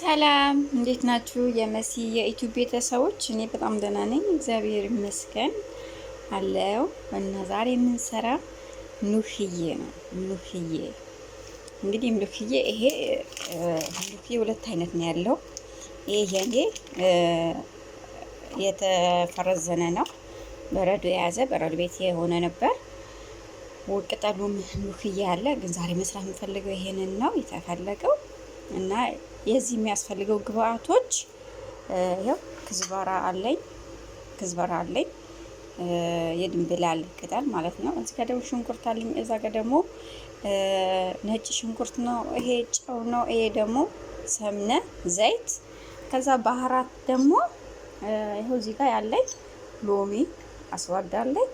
ሰላም እንዴት ናችሁ? የመሲ የኢትዮ ቤተሰቦች፣ እኔ በጣም ደህና ነኝ፣ እግዚአብሔር ይመስገን አለው። እና ዛሬ የምንሰራ ኑህዬ ነው። ኑክዬ እንግዲህ ኑህዬ ይሄ ኑክዬ ሁለት አይነት ነው ያለው። ይሄ ያኔ የተፈረዘነ ነው፣ በረዶ የያዘ በረዶ ቤት የሆነ ነበር። ቅጠሉም ኑህዬ አለ፣ ግን ዛሬ መስራት የምፈልገው ይሄንን ነው የተፈለገው እና የዚህ የሚያስፈልገው ግብአቶች ያው ክዝበራ አለኝ ክዝበራ አለኝ የድንብላል ቅጠል ማለት ነው። እዚህ ጋር ደግሞ ሽንኩርት አለኝ። እዛ ጋር ደግሞ ነጭ ሽንኩርት ነው። ይሄ ጨው ነው። ይሄ ደግሞ ሰምነ ዘይት። ከዛ ባህራት ደግሞ ይኸው እዚህ ጋር ያለኝ ሎሚ አስዋዳለኝ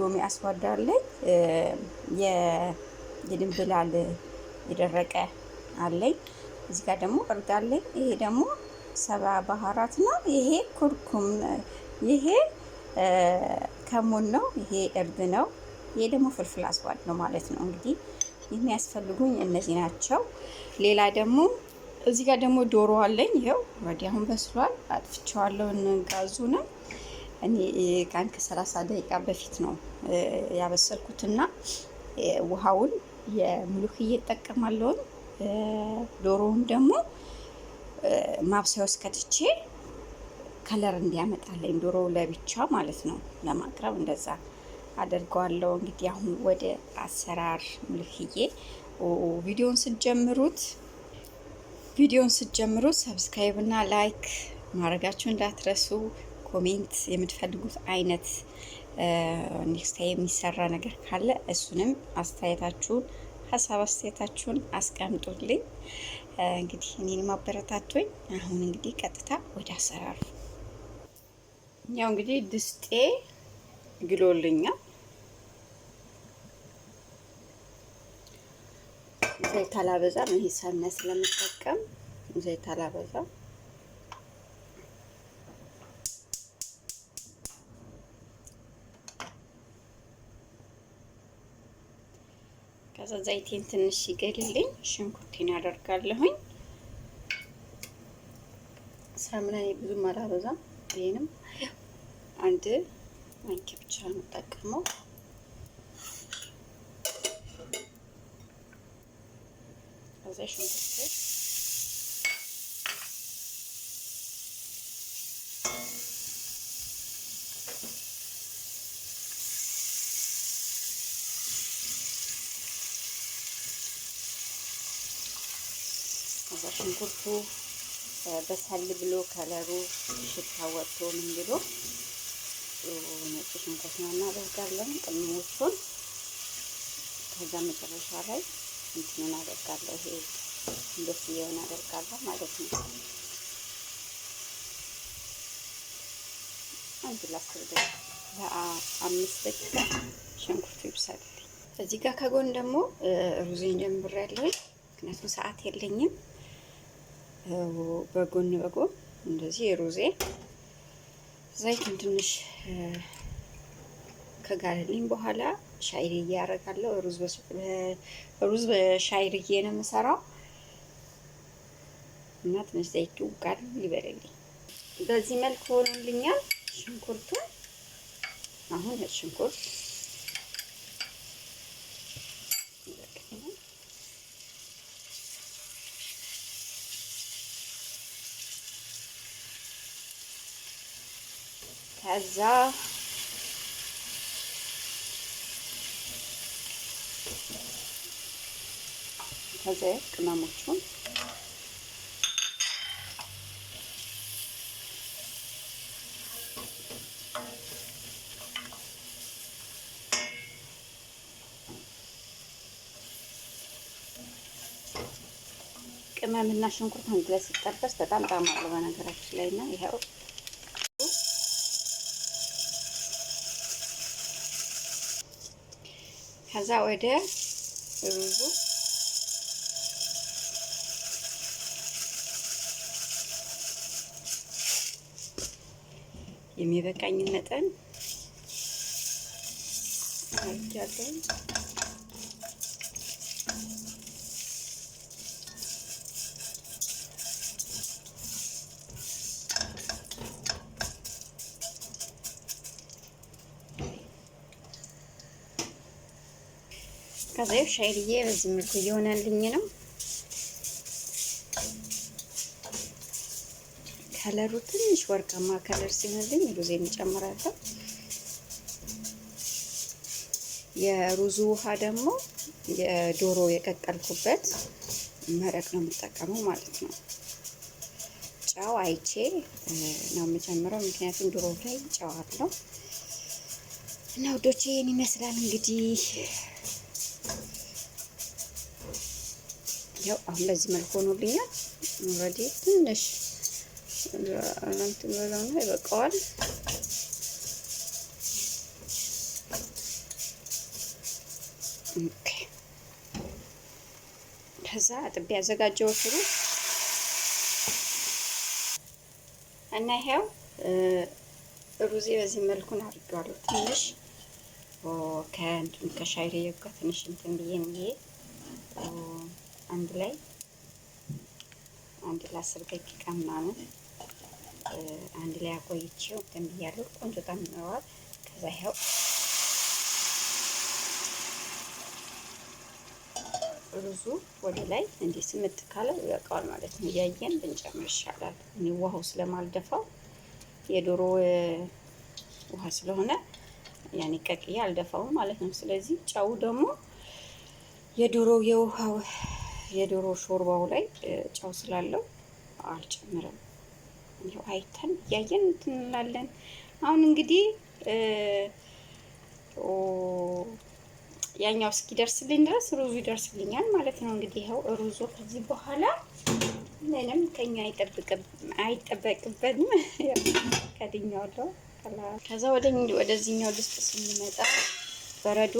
ሎሚ አስዋዳለኝ አለኝ። የድንብላል የደረቀ አለኝ። እዚህ ጋር ደግሞ እርድ አለኝ። ይሄ ደግሞ ሰባ ባህራት ነው። ይሄ ኩርኩም፣ ይሄ ከሙን ነው። ይሄ እርድ ነው። ይሄ ደግሞ ፍልፍል አስዋድ ነው ማለት ነው። እንግዲህ የሚያስፈልጉኝ እነዚህ ናቸው። ሌላ ደግሞ እዚህ ጋር ደግሞ ዶሮ አለኝ። ይኸው ወዲህ አሁን በስሏል። አጥፍቼዋለሁ። ጋዙንም እኔ ከአንድ ከሰላሳ ደቂቃ በፊት ነው ያበሰልኩትና ውሃውን የሙሉክ እየጠቀማለውን ዶሮውን ደግሞ ማብሰያ ውስጥ ከትቼ ከለር እንዲያመጣለኝ ዶሮ ለብቻ ማለት ነው ለማቅረብ እንደዛ አደርገዋለሁ። እንግዲህ አሁን ወደ አሰራር ምልክዬ ቪዲዮን ስትጀምሩት ቪዲዮን ስትጀምሩት ሰብስክራይብ እና ላይክ ማድረጋችሁ እንዳትረሱ። ኮሜንት የምትፈልጉት አይነት ኔክስት የሚሰራ ነገር ካለ እሱንም አስተያየታችሁን ሀሳብ አስተያየታችሁን አስቀምጡልኝ። እንግዲህ እኔን ማበረታቶኝ አሁን እንግዲህ ቀጥታ ወደ አሰራሩ ያው እንግዲህ ድስጤ ግሎልኛል። ዘይት አላበዛም። ይሄ ሳነ ስለምጠቀም ዘይት አላበዛም። ከዛ ዘይቴን ትንሽ ይገልልኝ ሽንኩርቴን አደርጋለሁኝ። ሳምና ብዙ አላበዛም። ይሄንም አንድ ማንኪያ ብቻ ነው የምጠቀመው። ከዛ ሽንኩርት ሽንኩርቱ በሰል ብሎ ከለሩ ሽታ ወጥቶ ምን ብሎ ነጭ ሽንኩርት ነው እናደርጋለን። ቅመሞቹን ከዛ መጨረሻ ላይ እንትን እናደርጋለሁ። ይሄ እንደስ እየሆነ አደርጋለሁ ማለት ነው። አንድ ላስር ለአምስት ደቂቃ ሽንኩርቱ ይብሳል። እዚህ ጋር ከጎን ደግሞ ሩዝን ጀምሬያለሁ፣ ምክንያቱም ሰዓት የለኝም። በጎን በጎን እንደዚህ የሮዜ ዘይቱን ትንሽ ከጋለልኝ በኋላ ሻይርዬ ያደርጋለሁ። ሩዝ በሻይርዬ ነው የምሰራው እና ትንሽ ዘይቱ ጋር ይበለልኝ። በዚህ መልክ ሆኖልኛል ሽንኩርቱ አሁን ሽንኩርት ከዛ ከዛ ቅመሞቹን ቅመምና ሽንኩርት አንድ ላይ ሲጠበስ በጣም ጣም አለው። በነገራችን ላይ እና ይኸው ከዛ ወደ ሩዙ የሚበቃኝን መጠን አድርጊያለሁ። ከዛ ሻይልዬ በዚህ መልኩ እየሆነልኝ ነው። ከለሩ ትንሽ ወርቃማ ከለር ሲሆንልኝ ሩዝ እንጨምራለሁ። የሩዙ ውሃ ደግሞ የዶሮ የቀቀልኩበት መረቅ ነው የምጠቀመው ማለት ነው። ጨው አይቼ ነው የምጀምረው፣ ምክንያቱም ዶሮ ላይ ጨው አለው እና ውዶቼ ይህን ይመስላል እንግዲህ ያው አሁን በዚህ መልኩ ሆኖልኛል። ኦልሬዲ ትንሽ እንትን ነው ይበቃዋል። ኦኬ ከዛ አጥቤ ያዘጋጀው ሽሮ እና ይሄው ሩዜ በዚህ መልኩ ነው አድርጌዋለሁ። ትንሽ ከእንትን ከሻይ ጋር ትንሽ እንትን ብዬ አንድ ላይ አንድ ለአስር ደቂቃ ምናምን አንድ ላይ አቆይቼው እንትን ብያለሁ። ቆንጆ ጣም ይኖረዋል። ከዛ ይኸው ሩዙ ወደ ላይ እንዲህ ስምጥ ካለ ይበቃዋል ማለት ነው። እያየን ብንጨምር ይሻላል። እኔ ውሃው ስለማልደፋው የዶሮ ውሃ ስለሆነ ያኔ ቀቅዬ አልደፋውም ማለት ነው። ስለዚህ ጨው ደግሞ የዶሮው የውሃው የዶሮ ሾርባው ላይ ጨው ስላለው አልጨምርም። ይኸው አይተን እያየን እንትን እንላለን። አሁን እንግዲህ ያኛው እስኪደርስልኝ ድረስ ሩዙ ይደርስልኛል ማለት ነው። እንግዲህ ይኸው ሩዙ ከዚህ በኋላ ምንም ከኛ አይጠበቅበትም። ከድኛው አለው ከዛ ወደዚህኛው ልስጥ ስንመጣ በረዶ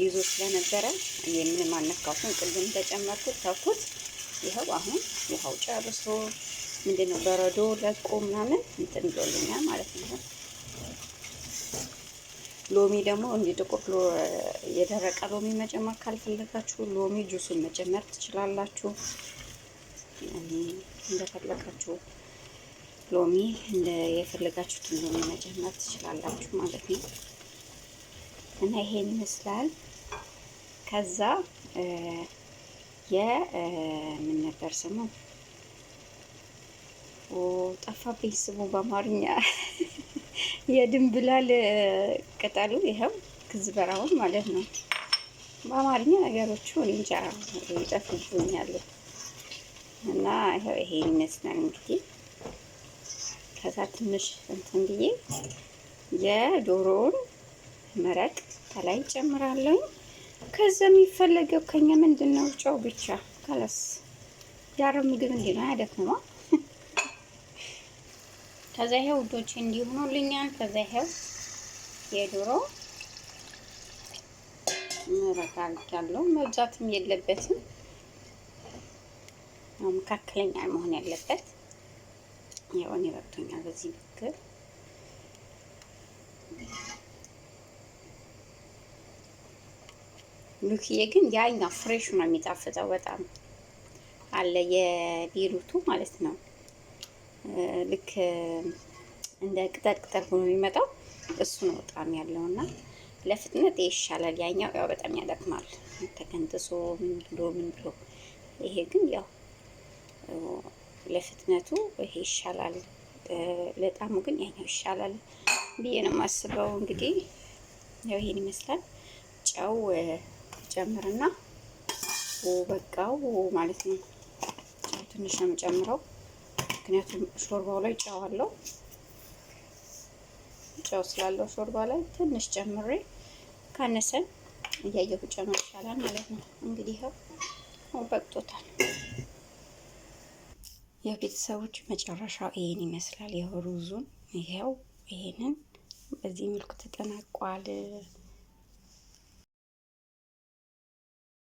ይዞ ስለነበረ እኔ ምንም አልነካሁትም። ቅድም እንደጨመርኩት ተኩት። ይኸው አሁን ውሃው ጨርሶ ምንድን ነው በረዶ ለቆ ምናምን እንትን ብሎልኛል ማለት ነው። ሎሚ ደግሞ እንዲህ ጥቁር የደረቀ ሎሚ መጨመር ካልፈለጋችሁ ሎሚ ጁሱን መጨመር ትችላላችሁ። እንደፈለጋችሁ ሎሚ የፈለጋችሁትን ሎሚ መጨመር ትችላላችሁ ማለት ነው። እና ይሄን ይመስላል። ከዛ የምን ነበር ስሙ ጠፋብኝ ስሙ በአማርኛ የድንብላል ቅጠሉ ይኸው ክዝበራውን ማለት ነው። በአማርኛ ነገሮቹ እንጃ ይጠፉብኛል እና ይኸው ይሄ ይመስላል እንግዲህ ከዛ ትንሽ እንትን ብዬ የዶሮውን መረቅ ከላይ ጨምራለሁ። ከዛ የሚፈለገው ከኛ ምንድን ነው? ጨው ብቻ ከለስ። ያረው ምግብ እንዲ ነው ያደክማ። ከዛ ይሄ ውዶች እንዲሆኑልኛል። ከዛ ይሄው የዶሮ መረቅ አድርጊያለሁ። መብዛትም የለበትም መካከለኛ መሆን ያለበት። ያው እኔ በቅቶኛል በዚህ ምክር ሉኪዬ ግን ያኛው ፍሬሽ ነው የሚጣፍጠው በጣም አለ የቢሩቱ ማለት ነው። ልክ እንደ ቅጠል ቅጠል ሆኖ የሚመጣው እሱ ነው በጣም እና ለፍጥነት ይሻላል። ያኛው ያው በጣም ያደክማል ተቀንጥሶ ምን ብሎ ምን ብሎ፣ ይሄ ግን ያው ለፍጥነቱ ይሄ ይሻላል። ለጣሙ ግን ያኛው ይሻላል ብዬ ነው የማስበው። እንግዲህ ያው ይሄን ይመስላል ጨው ጨምርና በቃው ማለት ነው። ጨው ትንሽ ነው የምጨምረው፣ ምክንያቱም ሾርባው ላይ ጨው አለው። ጨው ስላለው ሾርባ ላይ ትንሽ ጨምሬ ካነሰን እያየሁ ጨምር ይቻላል ማለት ነው። እንግዲህ ይኸው በቅቶታል። የቤተሰቦች መጨረሻው ይሄን ይመስላል። ይኸው ሩዙን ይኸው ይሄንን በዚህ መልኩ ተጠናቋል።